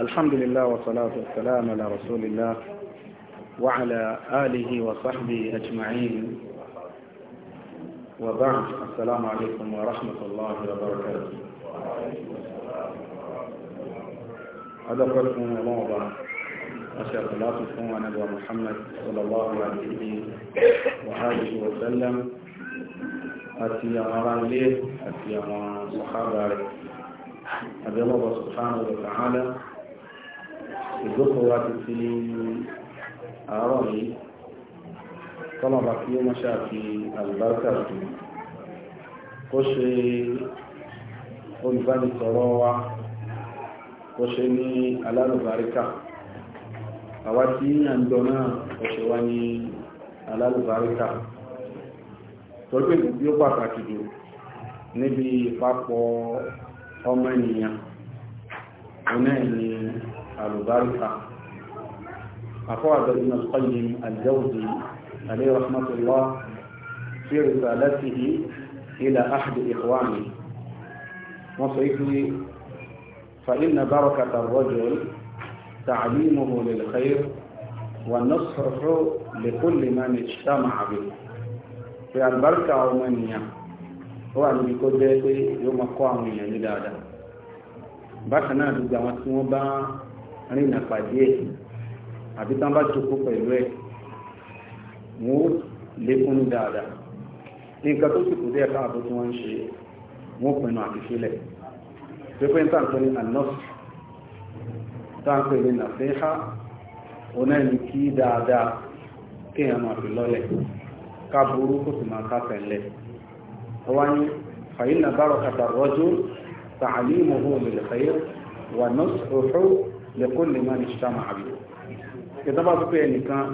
الحمد لله والصلاة والسلام على رسول الله وعلى آله وصحبه أجمعين وبعد السلام عليكم ورحمة الله وبركاته هذا قلت من الله أشهر الصلاة والسلام على نبي محمد صلى الله عليه وآله وسلم àti àwọn ará ilé àti àwọn sàhábà rẹ̀ àbẹ́lọ́wọ́ subhanahu wa ta'ala ìgbókòwà ti ti àárọ̀ yìí tọ́lọ̀bà kí ó mọ́ ṣáàfi àlùbáríkà tó kó ṣe olùbánisọ̀rọ̀ wa kó ṣe ní alálùbáríkà àwa tí à ń dọ́nà ọ̀ṣẹ̀ wa ní alálùbáríkà tọ́jú èdè tí ó pàtàkì jù níbi ìpapọ̀ ọmọ ènìyàn ọ̀nà ẹ̀ni alùbáríkà àfọ́wàdọ̀ ibn al-qayyim al-jawzi alayhi rahmatullah fi risalatihi ila ahdi ikhwani wọ́n sọ ikú تعليمه للخير ونصحه لكل من اجتمع به في البركة عمانية هو أن يكون ذلك يوم قوام يجدادا bákan náà gbogbo àwọn tí wọ́n bá rìnà pàdé ẹ̀ àbí tán bá jókòó pẹ̀lú ẹ̀ wọ́n ó lékún dáadáa nǹkan tó sì kù díẹ̀ káàbọ̀ tí wọ́n ń ṣe wọ́n pinnu àti sílẹ̀ pé pé ń tàn tó ní anọ́sì táǹpẹ̀ ní nàfíhà onáìní kí dáadáa kéèyàn máa fi lọ́lẹ̀ káàbùrú kò sì máa káfẹ̀ lẹ̀ wọ́n ní fàyínà bárọ̀ kàtà rọ́jú tààlímùhù lèlẹ́fẹ́yẹ́ wà nọ́sùrù lẹ́kọ́ lè máa ní ṣàmà àbí ìtọ́bà pípẹ́ ẹnìkan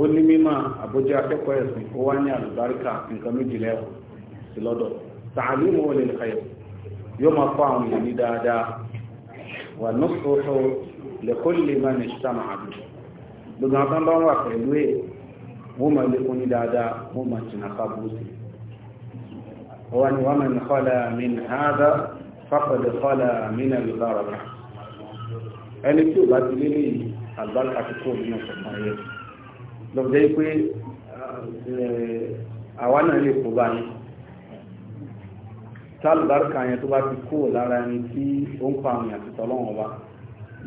ó ní mímọ̀ àbójá akẹ́kọ̀ọ́ ẹ̀sìn ó wá ní àlùbáríkà nǹkan méjìlẹ́wọ̀ sí lọ́dọ̀ tààlímùhù lèlẹ́fẹ́yẹ́ yóò máa kọ́ àwọn èèyàn ní dáadáa ونصحه لكل من اجتمع به gbogbo àwọn bá wà pẹ̀lú ẹ̀ wọ́n máa lékún ní dáadáa wọ́n máa jìnà fábúrúsì ọwá ni wọ́n máa ní kọ́lá min hádá fápọ̀dé kọ́lá min alùbáraka ẹni tí ò bá ti lé lẹ́yìn àlùbáraka ti kó nínú ọ̀pọ̀ ayé lọ́jọ́ pé àwa náà lè kó báyìí tálùbáríkà yẹn tó bá ti kó lára ẹni tí ó ń pa àwọn èèyàn títọ́ lọ́wọ́ wa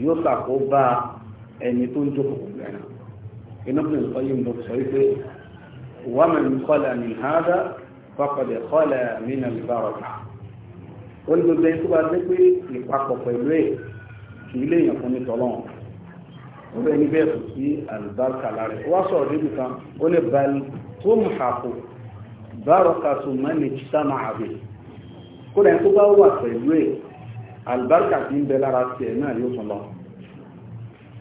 yóò ṣàkóbá ẹni tó ń jókòó rẹ̀ náà inú bí nǹkan yìí ń lọ sọ wípé wà mí ń kọ́lẹ̀ ní hádà fọkọ̀dẹ̀ kọ́lẹ̀ mí nà lè bára ta ó ní gbogbo ẹni tó bá dé pé ìpapọ̀ pẹ̀lú ẹ̀ kì í léèyàn fún ní tọ́lọ́wọ́ ó bẹ́ẹ̀ ni bẹ́ẹ̀ kò sí àlùbáríkà lára ẹ̀ wá sọ̀rọ̀ débi kan ó ní bal tó mú àpò bára ka tó mọ́ ní sámà àbẹ̀ kódà ẹni tó bá wà pẹ̀lú ẹ̀ àlùbáríkà tí ń bẹ lára tiẹ̀ náà yóò tún lọ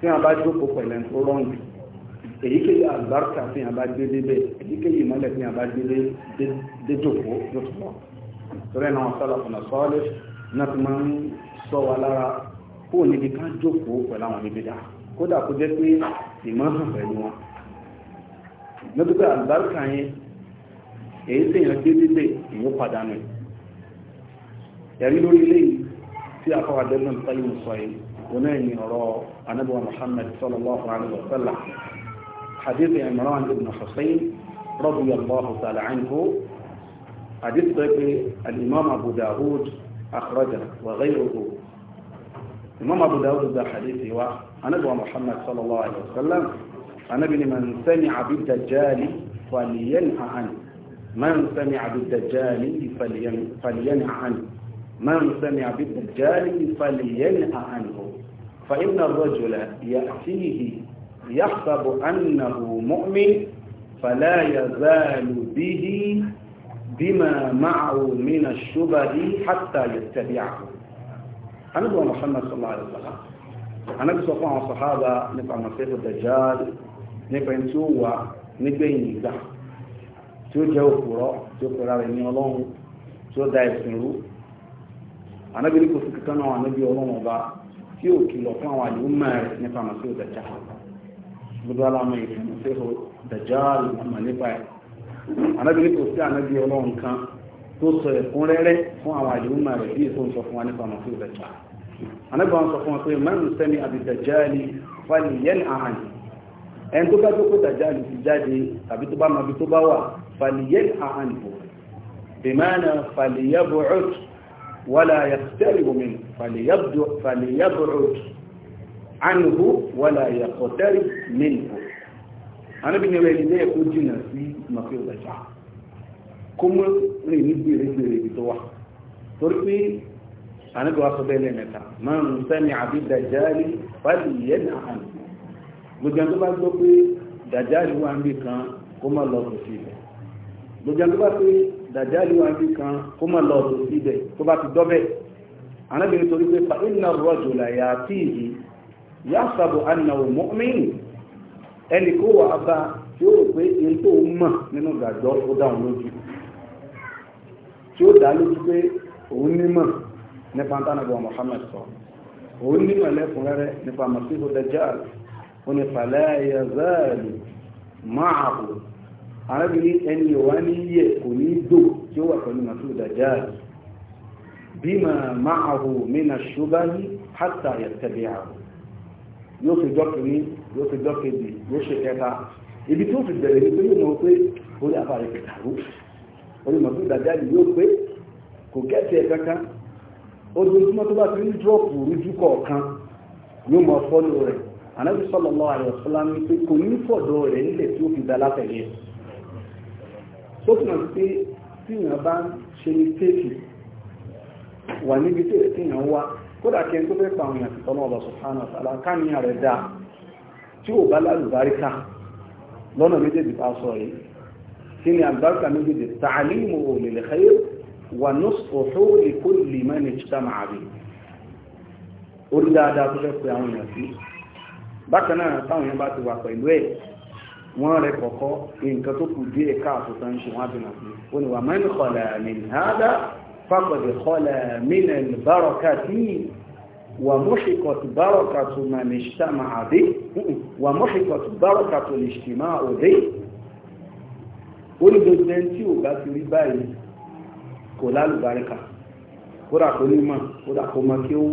tí wọn bá jókòó pẹ̀lú ẹni tó rọ̀ǹdì èyíkéyìí àlùbáríkà tí wọn bá gbé débẹ̀ èyíkéyìí ìmọ̀lẹ̀ tí wọn bá gbé déjòkó yóò tún lọ torí ẹni wọn sọlọ fún ọsọọlẹ náà ti máa ń sọ wa lára kó níbi ká jókòó pẹ̀lú àwọn níbi dá kódà kó jẹ́ pé ìmọ̀ hàn pẹ̀lú wọn nítorí àlùbáríkà yẹn èyí ẹ̀rí lórí eléyìí tí àfọwà dẹ́gbẹ̀m tẹ́lẹ̀ ń sọ yìí wọn náà ní ọ̀rọ̀ anábọ̀ Muhammad sallallahu alayhi wa sallam hadith Imran ibn Husayn radiyallahu ta'ala anhu hadith pẹ́pẹ́ al-imam Abu Dawud akhraja wa ghayruhu imam Abu Dawud da hadith wa anábọ̀ Muhammad sallallahu alayhi wa sallam anábì ni man sami'a bid-dajjal falyanha anhu man sami'a bid-dajjal falyanha anhu من سمع بالدجال فلينأ عنه فإن الرجل يأتيه يحسب أنه مؤمن فلا يزال به بما معه من الشبه حتى يتبعه أنبوى محمد صلى الله عليه وسلم أنا صلى الله عليه الصحابة نبقى مسيح الدجال نبقى نتوى نبقى نبقى tí جو jẹ́ òkúrọ́ tí ó pẹ̀lá rẹ̀ دايس ọlọ́run tí anábìrì kò sí kankan náà anábì ọlọ́wọ́n ọba tí ò kìlọ̀ fún àwọn àdéhùn mẹ́rin nípa màsí ò dàjà gbogbo alámọ ìfẹ́ màsí ò dàjà lọ́mọ nípa ẹ̀ anábìrì kò sí anábì ọlọ́wọ́n kan tó sọ ẹ̀kúnrẹ́rẹ́ fún àwọn àdéhùn mẹ́rin bí èso ń sọ fún wa nípa màsí ò dàjà anábì wọn sọ fún wa pé mẹ́rin sẹ́ni àbí dàjà ni fani yẹn àhàní ẹni tó bá jókòó dàjà ni ti jáde tàbí tó bá mọ ibi tó bá wà fani yẹn àhàní bò bìmánà fani yẹ bò ọ̀tún ولا يقترب منه فليبعد عنه ولا يقترب منه أنا بني ويلي يكون جنا في مقيل الشعب كم ريني بيري بيري بتوع تركي أنا جوا خبر لي متى من سمع بالدجال فلينع عنه gbogbo ẹni tó bá gbọ́ pé dàjáde wà ń kan kó má lọ sùn sí ibẹ̀ gbogbo ẹni tó bá dàjálù àbí kan kó mọ̀ lọ ọ̀dọ̀ síbẹ̀ tó bá ti dọ́bẹ̀ anábìnrin torí pé fa iná rọ́jò làyà àti ìyí yá sàbò anáwó mọ́mìn ẹnì kó wà bá tí ó rò pé n tó mọ̀ nínú gbàgbọ́ ó dá òun lójú tí ó dá lójú pé òun nímọ̀ nípa ntánàbọ̀ Muhammad sọ òun nímọ̀ lẹ́kùnrẹ́rẹ́ nípa masihu dajjal ó ní máàbù arábìnrin ẹni ọ̀wá ní yẹ kò ní dò tí ó wà pẹ̀lú màtúù dàjáàlì bí màá máa àhò mẹ́nà ṣúgbà ní hátà yàtẹ̀lẹ̀ àrùn yóò fi dọ́kìní yóò fi dọ́kìdì yóò ṣe kẹta ibi tó fi bẹ̀rẹ̀ ní pé yóò mọ̀ pé orí àbárẹ̀ kẹta rú orí màtúù dàjáàlì yóò pé kò gẹ́ẹ̀tì ẹ̀ kankan ojoojúmọ́ tó bá ti ń dúrọ́pù rújú kọ̀ọ̀kan yóò mọ̀ fọ́lù rẹ̀ ànábì tó túnmọ̀ sí pé tí èèyàn bá ń ṣe ní téèkì wà níbi tí èèyàn téèyàn wá kódà kí ẹni tó fẹ́ pa àwọn èèyàn tọ́nà ọ̀bọ̀ subhanahu wa ta'ala káníyàn rẹ̀ dáa tí ò bá lálùbáríkà lọ́nà méjèèjì bá sọ yìí kí ni àlùbáríkà méjèèjì ta'limu lil khair wà nusfuhu li kulli man ijtama'a bihi orí dáadáa tó fẹ́ pe àwọn èèyàn sí bákan náà táwọn èèyàn bá ti wà pẹ̀lú ẹ̀ wọ́n rẹ̀ kọ̀kọ́ nǹkan tó kù díẹ̀ káàtó tán ṣe wọ́n bí nàbí ó ní wà man khala min hada faqad khala min al-barakati wà muhiqat barakatu man ijtama'a bi wà muhiqat barakatu al-ijtima'u bi ó ní gbogbo ẹni tí ò bá ti rí báyìí kò lálùbáríkà kódà kó ní mọ̀ kódà kó mọ kí ó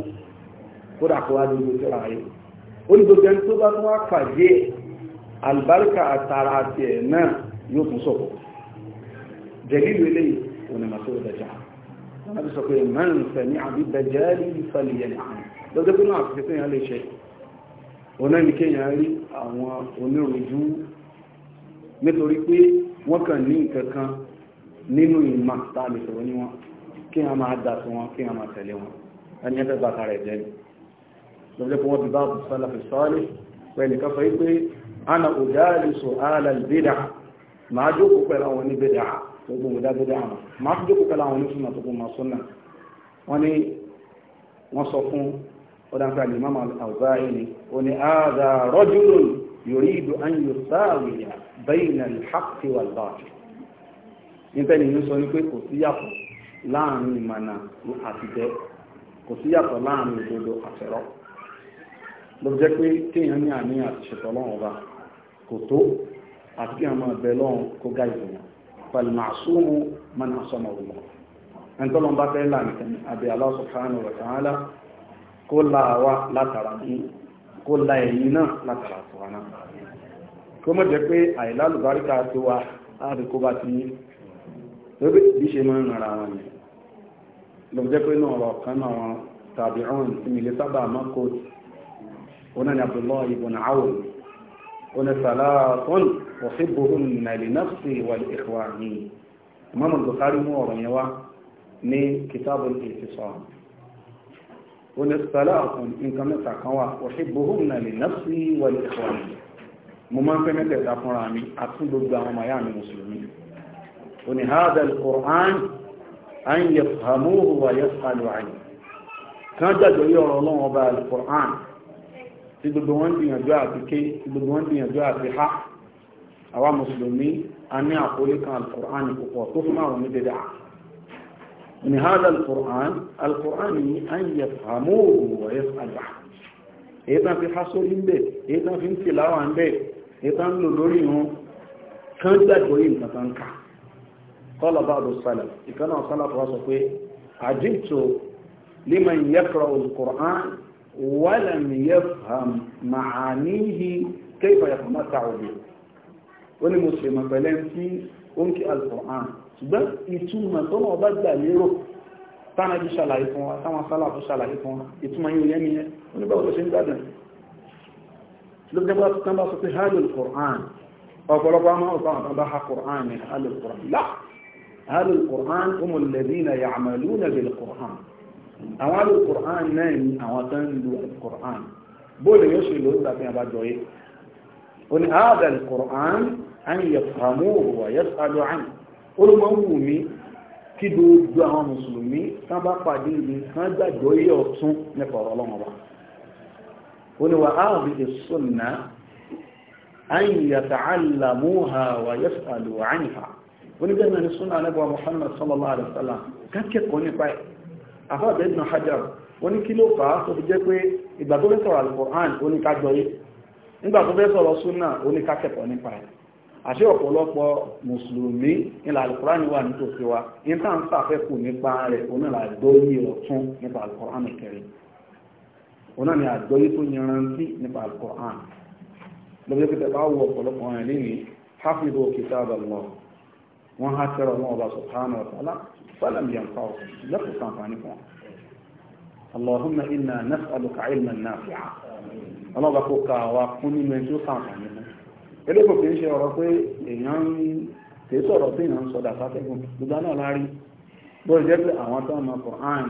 kódà kó àlùbáríkà àtàrà àti ẹ̀ náà yóò tún sọ̀kọ̀ jẹ̀lílù eléyìí onímọ̀tò ìdájà wọn bí sọ pé mẹ́rin fẹ̀mí àbí dajjali ìfàlìyàn àmì lọ́jọ́ pé náà àfikẹ́ téèyàn lè ṣe onáníkéèyàn rí àwọn onírúurú nítorí pé wọ́n kàn ní nǹkan kan nínú ìmọ̀ tá a lè sọ̀rọ̀ ní wọn kí wọ́n máa dà sí wọn kí wọ́n máa tẹ̀lé wọn ẹni ẹgbẹ́ bàtà jẹ́ ni lọ́jọ́ wọ́n ti bá àbùsálàfẹ́ sọ́ọ́lẹ̀ pẹ̀lú kan sọ ana na ala albid'a ma jókòó pẹ̀lú bid'a mọ̀ máa jókòó pẹ̀lú àwọn onísùnà tó gbọ́n máa súnà wọ́n ní wọ́n sọ fún fun nǹkan lè máma àwùzáyé ni ó ní ààdà rajulun yuridu an yusawiya al-haqqi wal-batil níbẹ̀ ni sọ ní pé kò sí yàtọ̀ láàrin ìmọ̀nà àtijẹ́ kò sí yàtọ̀ láàrin òdodo àtẹ̀rọ ló jẹ́ pé kò tó àti kí àwọn ọmọ ẹ̀bẹ̀ lọ́hùn kó gá ìdùnnú pẹ̀lú màṣúmù mọ́nà sọmọ òwò ẹni tó lọ́n bá fẹ́ là nìkan àbí Allah subhanahu wa ta'ala kó la wa látara ní kó la ẹ̀yìn náà látara tó wa náà kó mọ̀ jẹ́ pé àìlá lùbáríkà tó wa á rí kó bá ti yín lórí bí ṣe máa ń rara wọn yẹn lọ́wọ́ jẹ́ pé náà ọ̀rọ̀ kan náà wọn tàbí ọ̀hún ìmìlẹ̀ sábà máa kó ọ̀nà Abdullahi ibn Awf onífàlàtún òfìbòhùn nàìlínàfì wàlẹ̀ ìkọ̀wà ní Imam Bukhari mú ọ̀rọ̀ yẹn wá ní kìtàbù al-I'tisam onífàlàtún nǹkan mẹ́ta kan wà òfìbòhùn nàìlínàfì wàlẹ̀ ìkọ̀wà ní mo máa ń fẹ́ mẹ́tẹ̀ẹ̀ta fúnra mi àti gbogbo àwọn ọmọ mi mùsùlùmí oní hádà al an yafhamuhu wa yas'alu anhu kan jàjọ yọ̀rọ̀ ọlọ́run ọba al tí gbogbo wọn gbìyànjú àti ké tí gbogbo wọn gbìyànjú àti ha àwa mùsùlùmí a ní àkólé kan alukur'an púpọ̀ tó fún àwọn ní dédé ní hádà alukur'an alukur'an yìí à ń yẹ fàmóòrò wọ̀nyẹ àgbà èyí tán fi haso ń bẹ èyí tán fi ń tìláwà ń bẹ èyí tán lò lórí wọn kan gbàgbọ́ yìí nǹkan kan kà kọ́lọ̀ bá lọ sálẹ̀ ìkànnà sálẹ̀ fọwọ́ sọ pé àdìtò liman yaqra'u alukur'an ولم يفهم معانيه كيف يتمتع به ولمسلم مثلا في انك القران بس يتم طول ما بدا ليرو تانا دي شالاي فون تانا صلاة شالاي فون يتم يو يمي ونبقى وتشين بعدين لو جبنا تنبا صوتي هل القران او قالوا ما هو طبعا ده القران هل القران لا هذا القران هم الذين يعملون بالقران àwọn alò Qur'an náà ni àwọn tó ń lu Qur'an bóòlù yóò ṣe lóòótọ́ àfihàn bá jọ yé o ní ààbẹ̀ Qur'an an yafhamuhu wa yas'alu anhu olùmọ̀ wù mí kí gbogbo àwọn mùsùlùmí kan bá pàdé ìlú kan gbàgbọ́ yé ọ̀tún nípa ọ̀rọ̀ ọlọ́mọ wa o ní wa ààbẹ̀ sunna an yata'allamuha wa yas'alu anha onígbẹ́ni sunna anábọ̀ Muhammad sallallahu alaihi wa sallam kákẹ́kọ̀ọ́ nípa ẹ̀ àfáàbẹ̀ ibn hajar wọ́n ní kí ló fà á tó fi jẹ́ pé ìgbà tó fẹ́ sọ̀rọ̀ alukoran oníkájọyé nígbà tó fẹ́ sọ̀rọ̀ súnà oníkákẹ́kọ̀ọ́ nípa ẹ̀ àṣẹ ọ̀pọ̀lọpọ̀ mùsùlùmí ilà alukoran wà nítòsí wa ní tá à ń sàfẹ́kù nípa rẹ̀ onílà àgbọ́yé ọ̀tún nípa alukoran kẹrin oná ni tó yanrantí nípa alukoran lọ́jọ́ pé tẹ́lá wọ ọ̀pọ̀lọpọ̀ ẹ̀ lẹ́yìn hafidu kitab Allah wọ́n há tẹ́rọ ọmọ ọba subhanahu wa فلم ينفعوا لكم سامفانكم اللهم إنا نسألك علما نافعا الله بقول كوا كوني من جو سامفانكم eléyìí kò fi ń ṣe ọ̀rọ̀ pé èèyàn ń kì í sọ̀rọ̀ sí èèyàn ń sọ̀dà sátẹ́gùn gbogbo náà lárí bó jẹ́ pé àwọn tó ń mọ Qur'an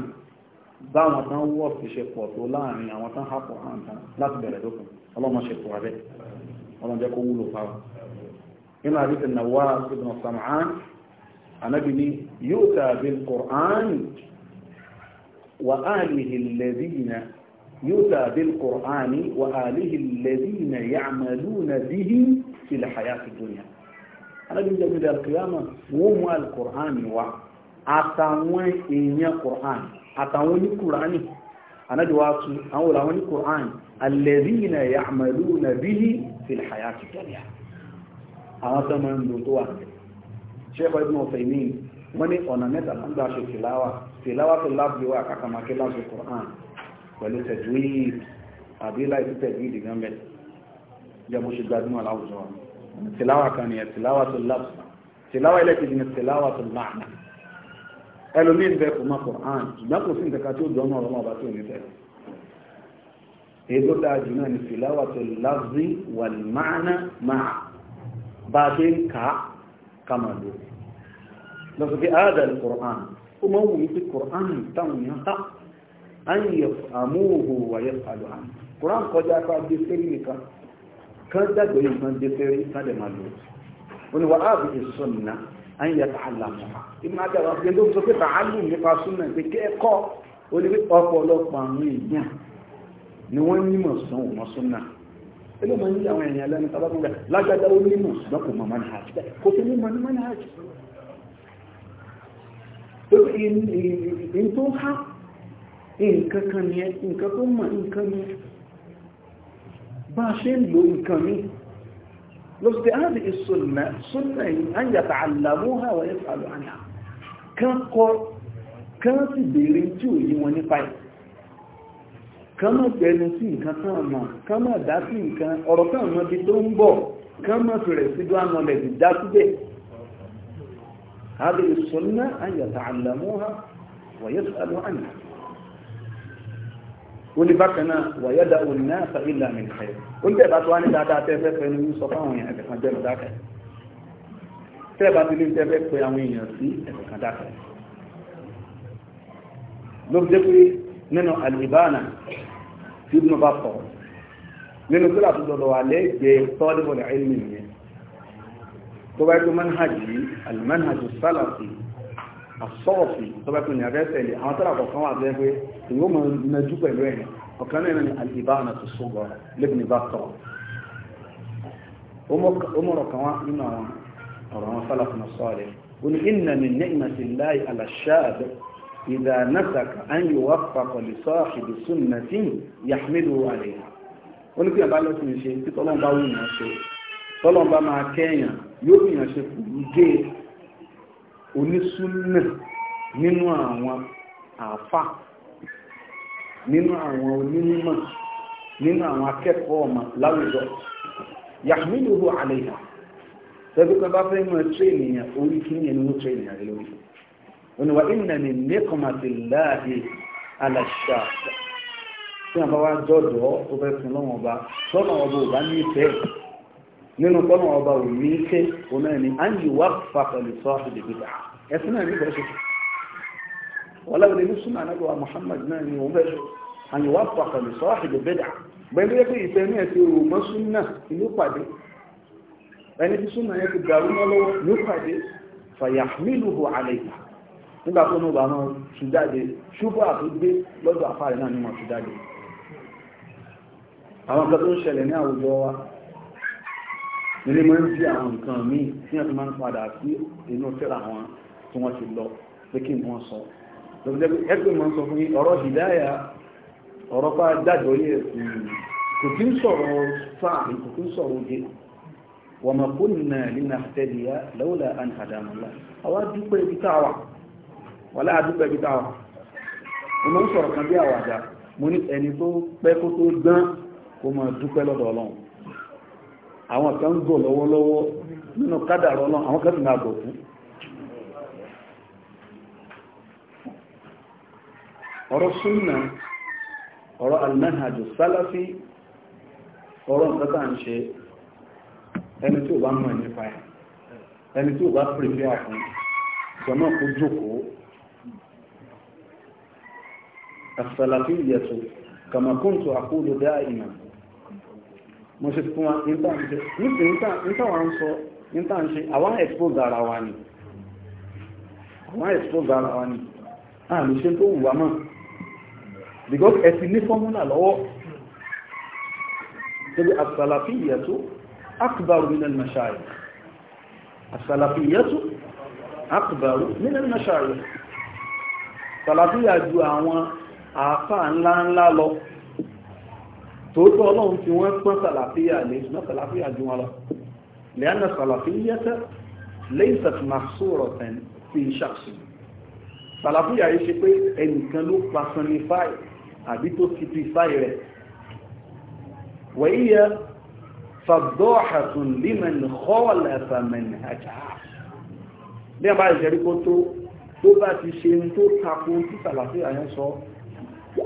báwọn tó ń wọ̀ fi ṣe pọ̀ tó láàrin àwọn tó ń ha Qur'an tán láti bẹ̀rẹ̀ lókun ọlọ́mọ ṣe pọ̀ abẹ́ ọlọ́mọ jẹ́ kó wúlò fáwọn. أنا بني يؤتى بالقرآن وآله الذين يؤتى بالقرآن وآله الذين يعملون به في الحياة الدنيا أنا بني جميل القيامة وما القرآن و أتاوين إني قرآن أتاوين القرآن أنا جواسو أولا وني الذين يعملون به في الحياة الدنيا أنا سمعن دوتو ṣẹ́kọ̀ ibùn ọ̀sẹ̀ ní wọ́n ní ọ̀nà mẹ́ta tó ń gbà ṣe tìláwà tìláwà tó lábúlé wà kàkàmàkí láti Qur'an pẹ̀lú tajwid àbí láìsí tajwid gan bẹ́ẹ̀ jẹ́ bó ṣe gbajúmọ̀ láwùjọ wa tìláwà kan ni tìláwà tó lábù tìláwà ilẹ̀ kejì ni tìláwà tó máàna ẹlòmíín bẹ́ẹ̀ kò mọ Qur'an ṣùgbọ́n kò sí nǹkan tí ó dùn ọmọ ọba tó ní fẹ́ èyí tó náà ni tìláwà tó lábù wal máàna máà bá a ṣe ń kà kama lò lọ́sọ̀ pé àádà ní Qur'an ó máa ń wù wípé Qur'an táwọn èèyàn ká á ń yẹ àmúhò wàyẹ àlọ́ àmì Qur'an kọjá ká dé fẹ́rí nìkan kan dàgbé yìí kan dé fẹ́rí kan dẹ̀ máa lò ó ní wà á bìí sọ̀nà á ń yẹ tààlà mọ́ ìmọ̀ àdàwà pé ló sọ pé tààlù nípa súnmọ̀ pé kẹ́ẹ̀kọ́ ó ni wọ́n nímọ̀ ilé máa ń yí àwọn èèyàn lẹ́nu tábà tó gbà lágbàdá ó nímọ̀ ṣùgbọ́n kò mọ̀ mọ́ni hajj kò sí nímọ̀ ní mọ́ni hajj. tó ń tó há nǹkan kan yẹn nǹkan tó mọ̀ nǹkan yẹn bá a ṣe ń lo nǹkan mi lọ sí àdì ìsúnà súnà yìí á ń yàtà àlàmú ha wọ́n yẹ fàlọ́ àná kan kọ́ kan sì béèrè tí ò yí wọn nípa yìí kama mọ̀ pẹ̀lú sí nǹkan tán mọ̀ kán mọ̀ dá sí nǹkan ọ̀rọ̀ tán mọ̀ bí tó ń bọ̀ kán mọ̀ fẹ̀rẹ̀ sí dúwà mọ̀ lẹ̀ sí dá síbẹ̀ هذه السنة أن ní bákan náà wàyẹ́dà náà fa ilà mi nìkan ó ní bẹ́ẹ̀ tó wá ní dáadáa tẹ́ fẹ́ fẹ́ ní sọ fáwọn nínú alìbánà tí ibùn bá sọ nínú tó láti dọ̀dọ̀ wà lẹ́gbẹ̀ẹ́ tọ́lẹ̀bọ̀lì ilmi yẹn tó bá gbé manhajì alimanhajì sálàfì asọ́ọ̀fì tó bá gbé ní abẹ́sẹ̀lì àwọn tó láti kọ̀ọ̀kan wà lẹ́gbẹ̀ẹ́ ìwọ́n mọ̀ nájú pẹ̀lú ẹ̀ ọ̀kan náà ní alìbánà tó sọ̀rọ̀ إذا نسك أن يوفق لصاحب سنة يحمله عليها oníkí ọba ló fi ṣe tí tọ́lọ́n bá wùn yàn ṣe tọ́lọ́n bá máa kẹ́yàn yóò fi yàn ṣe fún gé onísúnnà nínú àwọn àáfà nínú àwọn onímọ̀ nínú àwọn akẹ́kọ̀ọ́ ọmọ láwùjọ yàmílùú àlèyà tẹ́bí kan bá fẹ́ mọ̀ tírèèyàn orí kí ni ẹni wọ́n tírèèyàn lórí òní wa ìnà ní nìkọ̀màtì láàyè aláṣà tí wọn bá wá jọ̀dọ̀ ó fẹ́ fún lọ́wọ́n ọba tọ́nà ọba ò bá ní ìfẹ́ nínú tọ́nà ọba ò ní ìfẹ́ òun náà ni à ń yí wá fà pẹ̀lú sọ́ọ̀sì lè ẹ̀sìn náà ní ìfẹ́ ṣe wọ́n súnmọ́ anábọ̀ Muhammad náà ni òun fẹ́ ṣe wá fà pẹ̀lú sọ́ọ̀sì lè gbégbá bẹ́ẹ̀ ìfẹ́ ní ẹ̀sìn òun mọ́ súnmọ́ ìlú pàdé ẹni tí súnmọ́ yẹn ti dàrú mọ́ lọ́wọ́ ìlú pàdé fàyàmílùú àlẹ́ yìí nígbà tó ní ọba náà tún jáde ṣùgbọ́n àti gbé lọ́dọ̀ àfáàrí náà nímọ̀ tún jáde àwọn nǹkan tó ń ṣẹlẹ̀ ní àwùjọ wa nílé máa ń fi àwọn nǹkan míì tí wọ́n fi máa ń padà sí inú tẹ́lá wọn tí wọ́n ti lọ pé kí wọ́n sọ ẹgbẹ́ máa ń sọ fún yín ọ̀rọ̀ wọ́n láàdúgbẹ́ bí táwọn mo ń sọ̀rọ̀ kan bí àwàdà mo ní ẹni tó pẹ́ kó tó gbọ́n kó mọ̀ dúpẹ́ lọ́dọ̀ ọlọ́run àwọn kan ń gò lọ́wọ́lọ́wọ́ nínú kádàrọ̀ ọlọ́run àwọn kan sì máa gò fún ọ̀rọ̀ súnà ọ̀rọ̀ almanhajù sálàfí ọ̀rọ̀ nǹkan tá à ń ṣe ẹni tí ò bá mọ̀ nípa ẹ̀ ẹni tí ò bá pèsè àfún jọmọ́ kó jókòó as-salafiyatu kama kuntu aqulu da'iman mo ṣe fún wa níta wa ń sọ níta ń ṣe àwọn expose ara wa ni àwọn expose ara wa ni a lè ṣe tó wù wá mọ́ because ẹ̀sìn ní fọ́múlà lọ́wọ́ tẹ́bí as-salafiyatu akbaru min al-mashayikh as-salafiyatu akbaru min al-mashayikh salafiyya ju àwọn àáfàá ńlá ńlá lọ tòótọ́ ọlọ́run tí wọ́n pọ́n sàlàfíà lè ṣùgbọ́n sàlàfíà ju wọn lọ lẹ́yìn sàlàfíà lẹ́yìn sàtìmásòrò tẹ̀lé fi ṣàṣì sàlàfíà yìí ṣe pé ẹnìkan ló personify àbí tó typify rẹ̀ wẹ̀yí yẹ fàdọ́ọ̀hàtún límẹ̀n kọ́ọ̀lẹ̀fà mẹ̀nìhàjá bí wọ́n bá ìṣẹ́rí kó tó tó bá ti ṣe tó takun tí sàlàfíà yẹn sọ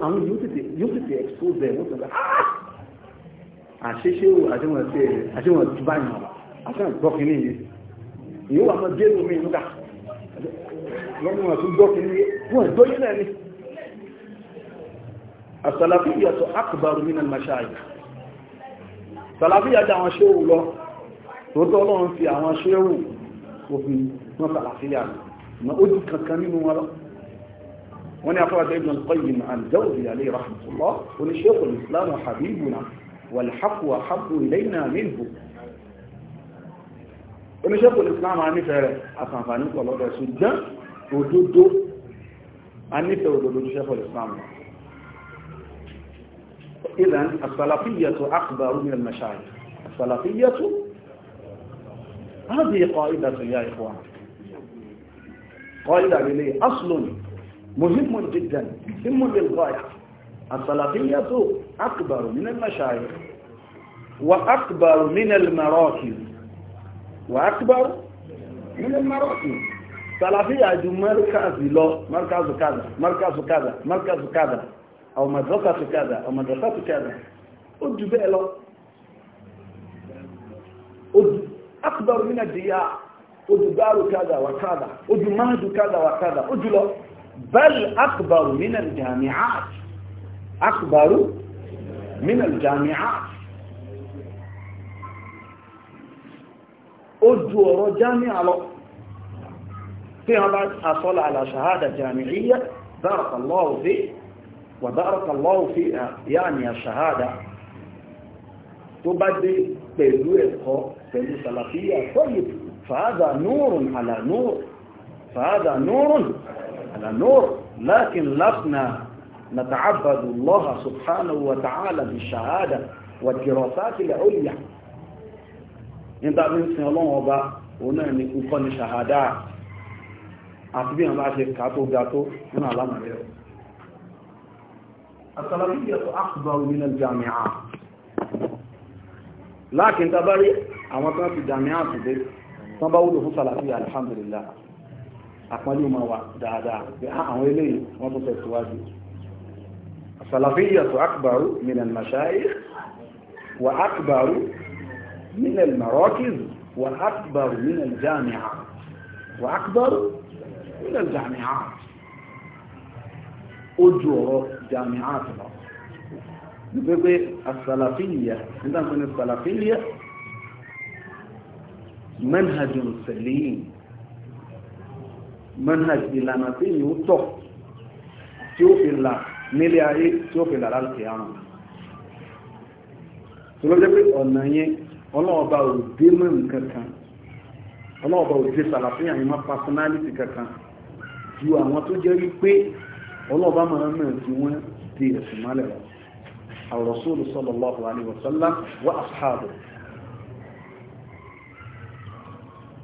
àwọn yóò tètè yóò tètè expose ẹ̀ wọ́n tẹ̀lé ah! àṣeṣe o àṣewọ̀n ṣe àṣewọ̀n ti bá yàn àṣewọ̀n gbọ́ kínní yìí ìyóò wà máa jẹ́rù mi nígbà lọ́nà wọn tún gbọ́ kínní yìí wọ́n tó yín náà ni. àṣàlàfíyà tó akbaru min al-mashayikh sàlàfíyà jẹ́ àwọn ṣéwù lọ tòótọ́ ọlọ́run fi àwọn ṣéwù òfin wọn sàlàfíyà lọ ó dùn kankan nínú wọn lọ وانا أخرج ابن القيم الجوزي عليه رحمة الله وانا شيخ الإسلام حبيبنا والحق أحب إلينا منه وانا شيخ الإسلام عني فعلا أخافاني والله ده سجا ودودو عني فعلا شيخ الإسلام إذا السلفية أكبر من المشايخ السلفية هذه قاعدة يا إخوان قاعدة لي أصل مهم جدا مهم للغاية السلفية أكبر من المشايخ وأكبر من المراكز وأكبر من المراكز سلفية جو مركز لو مركز كذا مركز كذا مركز كذا أو مدرسة كذا أو مدرسة كذا أدو بألو أدو أكبر من الدياء أدو دار كذا وكذا أدو مهد كذا وكذا أدو بل أكبر من الجامعات أكبر من الجامعات أجور جامعة فيها بعد أصل على شهادة جامعية بارك الله فيه وبارك الله فيها يعني الشهادة تبدل بلوئة في السلفية طيب فهذا نور على نور فهذا نور على نور لكن لسنا نتعبد الله سبحانه وتعالى بالشهادة والدراسات العليا nígbà bí ń sin ọlọ́run ọba òun náà ni kúkọ́ ní ṣàhádá àti bí àwọn aṣe ká tó ga tó nínú alámọ̀lẹ́ ọ̀. àtàlàbíyà tó àkùbá nínú jàmìá láàkín tàbárí àwọn tó ń fi jàmìá àtúgbé tán bá wúlò fún sàlàfíà alhamdulillah àpọ́nlé ma wà dáadáa bí a àwọn eléyìí wọ́n tó tẹ̀síwájú asàlàfíyà tó akbaru minal mashayikh wa akbaru minal marakiz wa akbaru minal jami'a wa akbaru minal jami'a ojú ọ̀rọ̀ jami'a tó lọ nígbẹ́gbẹ́ asàlàfíyà nígbàmọ́ ni sàlàfíyà manhajun salim manhaj ìlànà tí yóò tọ̀ tí ó fi là nílé ayé tí ó fi là láti àrùn tó ló jẹ́ pé ọ̀nà yẹn ọlọ́ọ̀ba ò dé mọ́ nǹkan kan ọlọ́ọ̀ba ò dé sàlàfíà yẹn mọ́ pásánálítì kankan ju àwọn tó jẹ́ wípé ọlọ́ọ̀ba máa ń mọ̀ tí wọ́n di ẹ̀sùn mọ́lẹ̀ lọ àwòrán sallallahu alaihi wasallam wa ashabu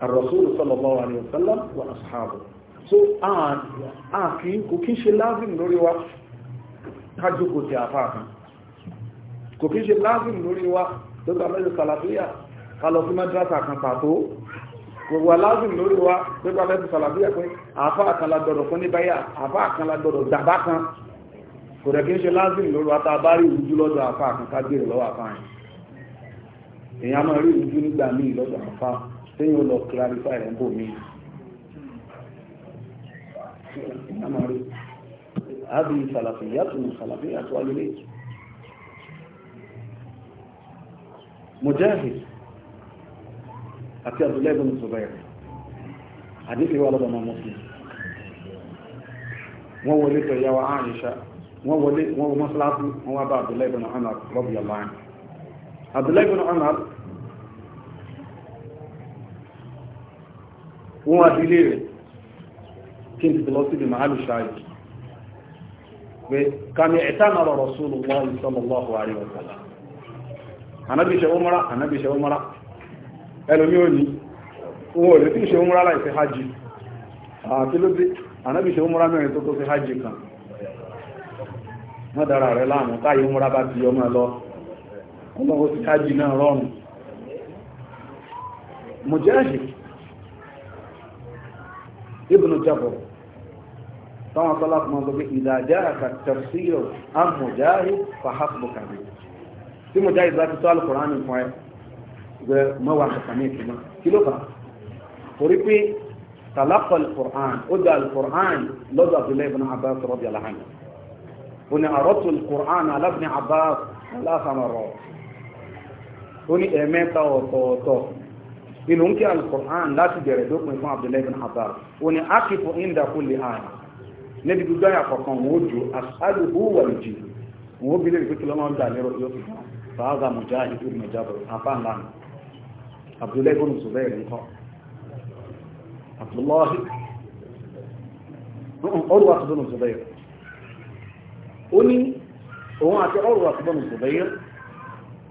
الرسول صلى الله عليه وسلم وأصحابه so ààkín kò kí ṣe lázìm lórí wa kájókò tí àfá kan kò kí ṣe lázìm lórí wa lọ́gbà mẹ́rin sàlàfíà kalọ̀ sí mẹ́dírásà kan pàtó gbogbo wa lọ́gbà mẹ́rin sàlàfíà pé àfá kan lágbọ̀dọ̀ fún ní báyà àfá kan lágbọ̀dọ̀ dàbá kan kò rẹ̀ kí ṣe lázìm lórí wa tá a bá rí ìrújú lọ́dọ̀ àfá kan ká gbèrè lọ́wọ́ àfá yẹn èèyàn àfá téèyàn lọ clarify rẹ̀ ń أنا أريد هذه سلفيات من خلفيات والبيت مجاهد أتي عبد الله بن الزبير حديثي ولد ما مسلم وهو لك يا عائشة وهو لك وهو مصلحته هو أبا عبد الله بن عمر رضي الله عنه عبد الله بن عمر هو دليل kí n ti lọ síbi a ṣáàyè pé kàmì ẹ̀tàn sallallahu wa sallam ní owó òlè tí ṣe umra láì fi hajj àti ló dé ànábì ṣe umra mẹ́rin tó tó fi hajj kan wọ́n dára rẹ̀ láàmú táyé umra bá ti ó ti náà rọrùn mujahid ibn jabr táwọn tọ́lá fún ọgbẹ́ ìdájá àkàtàfíò amòjáhì fàhásùbùkà mi tí mo jáde láti tọ́ alùpùrán ní fún ẹ gbẹ mọ́wàá kàkàmí ìtumọ̀ kí ló fà torí pé tàlákọ̀ alùpùrán ó da alùpùrán lọ́dọ̀ Abdullahi ibn Abbas radiyallahu anhu ó ní àrọ́tù alùpùrán ala ibn Abbas aláfàmọ̀rọ̀ ó ní ẹ̀mẹ́ta ọ̀tọ̀ọ̀tọ̀ inú ń kí alùpùrán láti bẹ̀rẹ̀ dópin fún Abdullahi ibn Abbas ó ní inda kulli àyà níbi gbogbo àyà kọ̀ọ̀kan wọ́n jò aṣáájú wà lójú wọ́n bí lórí pípẹ́ lọ́mọ gbà lérò yóò fi hàn fàáza mọ̀já ìlú mọ̀jábọ̀ afáàlá Abdullahi bọ́nù sọ̀rọ̀ ẹ̀rí kọ́ Abdullahi ọrùwà tó bọ́nù sọ̀rọ̀ ẹ̀rí ó ní òun àti ọrùwà tó bọ́nù sọ̀rọ̀ ẹ̀rí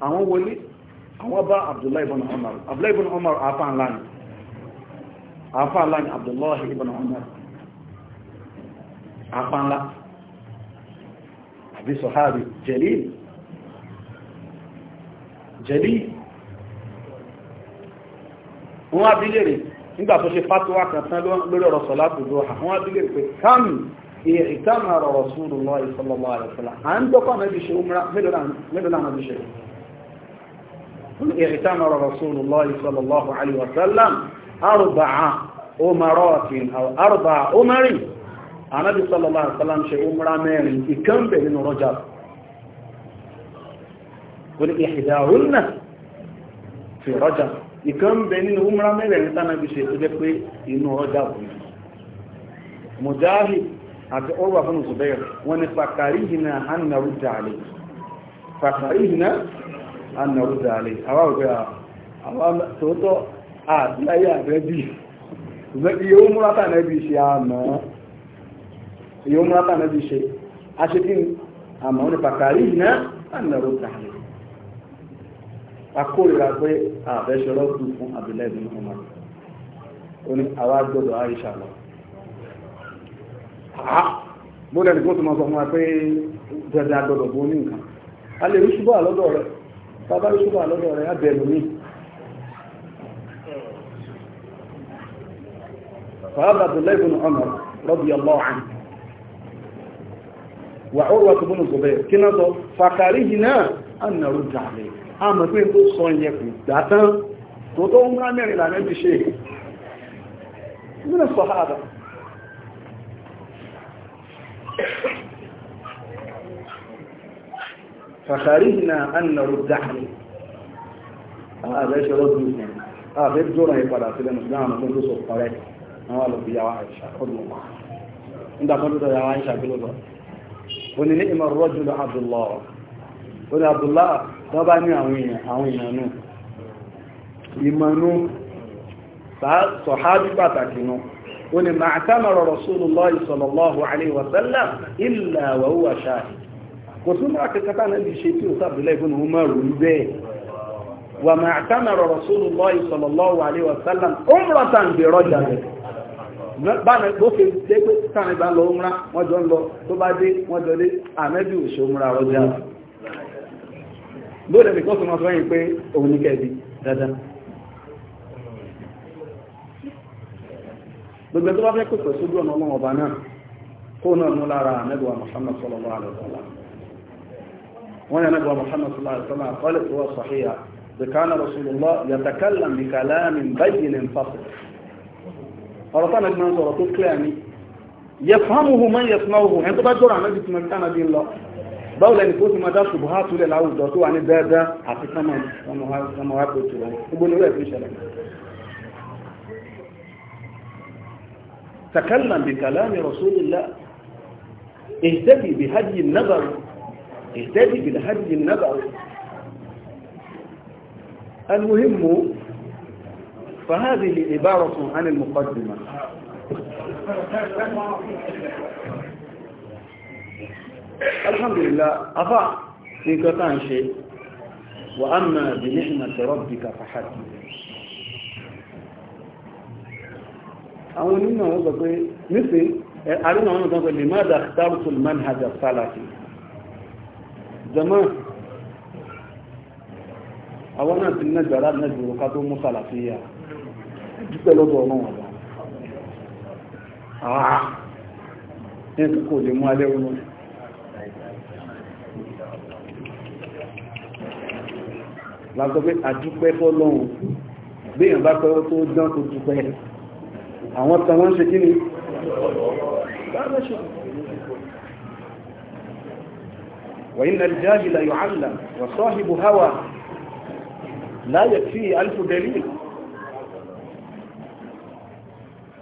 àwọn wọlé àwọn bá Abdullahi bọ́nù Umar Abdullahi bọ́nù Umar afáàlá ni Abdullahi apánlá àbí sọ̀háàbì jẹ̀lì jẹ̀lì wọ́n abílẹ̀ rẹ̀ nígbà tó ṣe fátúwà kàtán lórí ọ̀rọ̀ sọ̀lá gbogbo àwọn abílẹ̀ pé káàmì ìrìtàmà ọ̀rọ̀ sùúrù lọ ìsọlọ́lọ́ àrẹ̀sọ́lá à ń dọ́kọ̀ mẹ́bí ṣe umra mélòó náà mẹ́bí ṣe ìrìtàmà ọ̀rọ̀ sùúrù lọ ìsọlọ́lọ́ àrẹ̀sọ́lá anábì sọ́lọ́lá àṣálàm ṣe umra mẹ́rin ìkẹ́ǹbẹ̀ nínú rọ́jà kò ní ìhìdáhùnà fi rọ́jà ìkẹ́ǹbẹ̀ nínú umra mẹ́rin tánàbì ṣe tó jẹ́ pé inú rọ́jà bù ní mujahid àti ọrọ̀ fún zubair wọ́n ní fàkàríhìnà annaru dàlé fàkàríhìnà annaru dàlé àwọn ògbéra àwọn tòótọ́ àti ayé àbẹ́bí ṣùgbọ́n iye èyí ó múra tànà bí ṣe aṣèkín àmọ́ ní pàkàrí iná ànàró tààrí akórira pé àbẹ́ṣọ́rọ́ kù fún àbílẹ̀ ìbí ọmọ ó ní àwa gbọ́dọ̀ àìṣà lọ bóòlù ẹni kó tó máa sọ fún wa pé dandan gbọ́dọ̀ bó ní nǹkan a lè rí ṣubú àlọ́dọ̀ rẹ̀ bàbá الله ṣubú àlọ́dọ̀ rẹ̀ abẹ́lú mi wà ó rọ̀ tìbúnù kò bẹ̀rẹ̀ kí náà sọ fàkàrí yìí náà á nà ló dà lẹ̀ a mọ̀ pé tó sọ yẹ kò gbà tán tó tó ń rán mẹ́rin lànà ti ṣe nínú sọ̀hádà fàkàrí yìí náà á nà ló dà lẹ̀ ààrẹ ṣe rọ́dùn ìpadà sílẹ̀ mùsùlùmí àwọn ọmọ tó sọ ọ̀rẹ́ àwọn oní ní ìmọ̀ rọ́jùlọ Abdullah oní Abdullah tó bá ní àwọn èèyàn nù ìmọ̀nú sọ̀hábí pàtàkì nù oní màtàmọ̀rọ̀ Rasulullah sallallahu alaihi wasallam illa wa huwa shahid kò túnmọ̀ akẹ́kọ̀ọ́ náà bí ṣe tí ó sábìlẹ̀ ìbùn Umar rí bẹ́ẹ̀ wà màtàmọ̀rọ̀ Rasulullah sallallahu alaihi wasallam umratan bi báwọn ẹgbẹ́ òfin dé pé táwọn ìgbà lọ múra wọ́n jọ ń lọ tó bá dé wọ́n jọ dé àmẹ́bí òṣò múra ọjà lóòrè mi kọ́ sọmọ sọyìn pé òun ní kẹ́ẹ̀bí dáadáa gbogbo tó bá fẹ́ kó pẹ̀sú dúró ọmọ ọba náà kó náà mú lára àmẹ́bí wa Muhammad ذكر رسول الله يتكلم بكلام بين فصل ọ̀rọ̀ tánà bí wọ́n sọ̀rọ̀ tó clear ni yẹfàmùhù mọ́ yẹfàmùhù ẹni tó bá jọ́rọ̀ àmẹ́bí tí wọ́n tánà bí ń lọ báwo lẹni tó ti máa dá ṣubú há túlẹ̀ láwùjọ tó wà ní dẹ́ẹ̀dẹ́ àti sánmọ̀ wá pẹ̀tù rẹ̀ gbogbo ní rẹ̀ fi ṣẹlẹ̀ تكلم بكلام رسول الله اهتدي بهدي النبر اهتدي بهدي النبر المهم فهذه عبارة عن المقدمة الحمد لله أضع في كتان شيء وأما بنعمة ربك فحدي أولينا وضعي مثل أولينا وضعي لماذا اخترت المنهج الثلاثي زمان أولا في النجرة نجرة قدوم ثلاثية dúpẹ́ lọ́dọ̀ ọlọ́run ọba àá ní kò lè mú alẹ́ wọn látọ́ pé àdúpẹ́ fọ́lọ́run béèyàn bá pẹ́ tó dán tó dúpẹ́ àwọn tán wọ́n ṣe kí ni وإن الجاهل يعلم وصاحب هوى لا يكفيه ألف دليل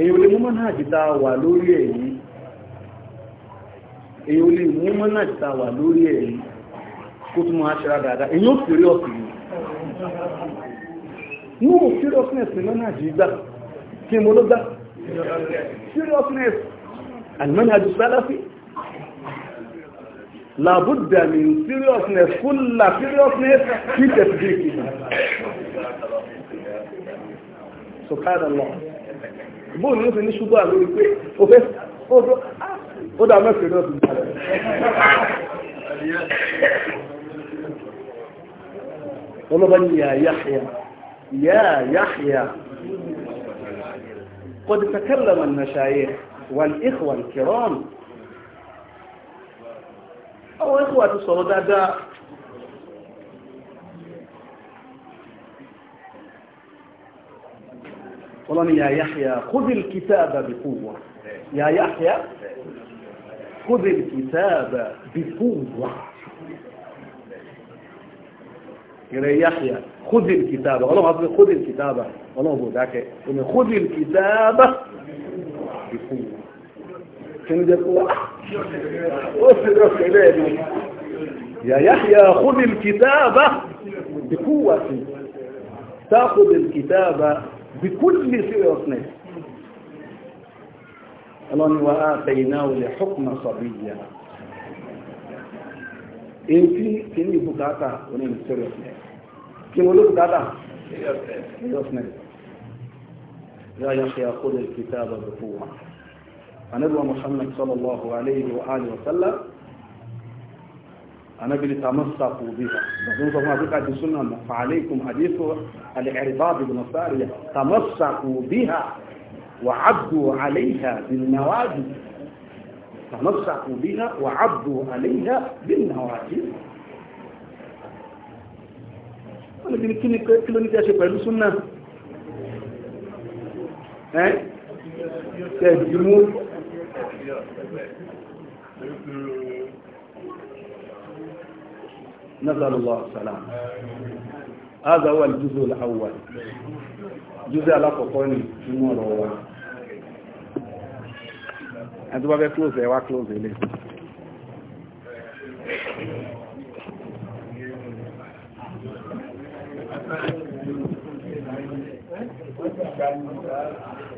èyí olè mú mọ́nà àjítà wà lórí èyí èyí olè mú mọ́nà àjítà wà lórí èyí kó tún máa ṣẹ́ra dáadáa èyí ó fèrè ọ̀sìn ní o seriousness ni mọ́nà àjígbà kí mo ló gbá seriousness àlùmọ́nà àjí sálásí làbúdà ní seriousness kúlà seriousness kí tẹ̀sí kí so lọ bóòlù ló ti ní ṣubú àlórí pé o fẹ́ ó dá mẹ́sẹ̀ náà ti dá rẹ̀. wọ́n ló bá ní yà Yahya yà Yahya wọn تكلم المشايخ والإخوة الكرام أو sọ̀rọ̀ dáadáa أعظم يا يحيى خذ الكتاب بقوة يا يحيى خذ الكتاب بقوة يا يحيى خذ الكتاب والله عظيم خذ الكتاب والله هو ذاك يعني خذ الكتاب بقوة كان يا يحيى خذ الكتاب بقوة تأخذ الكتاب bí kúlì seriousness ọlọ́ni wa á tẹ iná olè hukma sọ̀bìyà èyí kí ní ìbùkátà oní ní seriousness kí wọ́n ló bùkátà seriousness لا يخشى خذ الكتاب بقوة عن ابن محمد صلى الله عليه وآله وسلم أنا تمسكوا بها بس ما بقى السنة فعليكم حديث الإعرباض بن السارية تمسكوا بها وعبدوا عليها بالنواجذ تمسكوا بها وعبدوا عليها بالنواجذ أنا بدي kí كل kí ló ní tẹ́ ṣe نسأل الله السلام هذا هو الجزء الأول جزء alákọ̀ọ́kọ́ nínú ọ̀rọ̀ wa ẹni tó bá fẹ́ close ẹ wá close ilé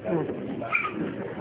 Thank you.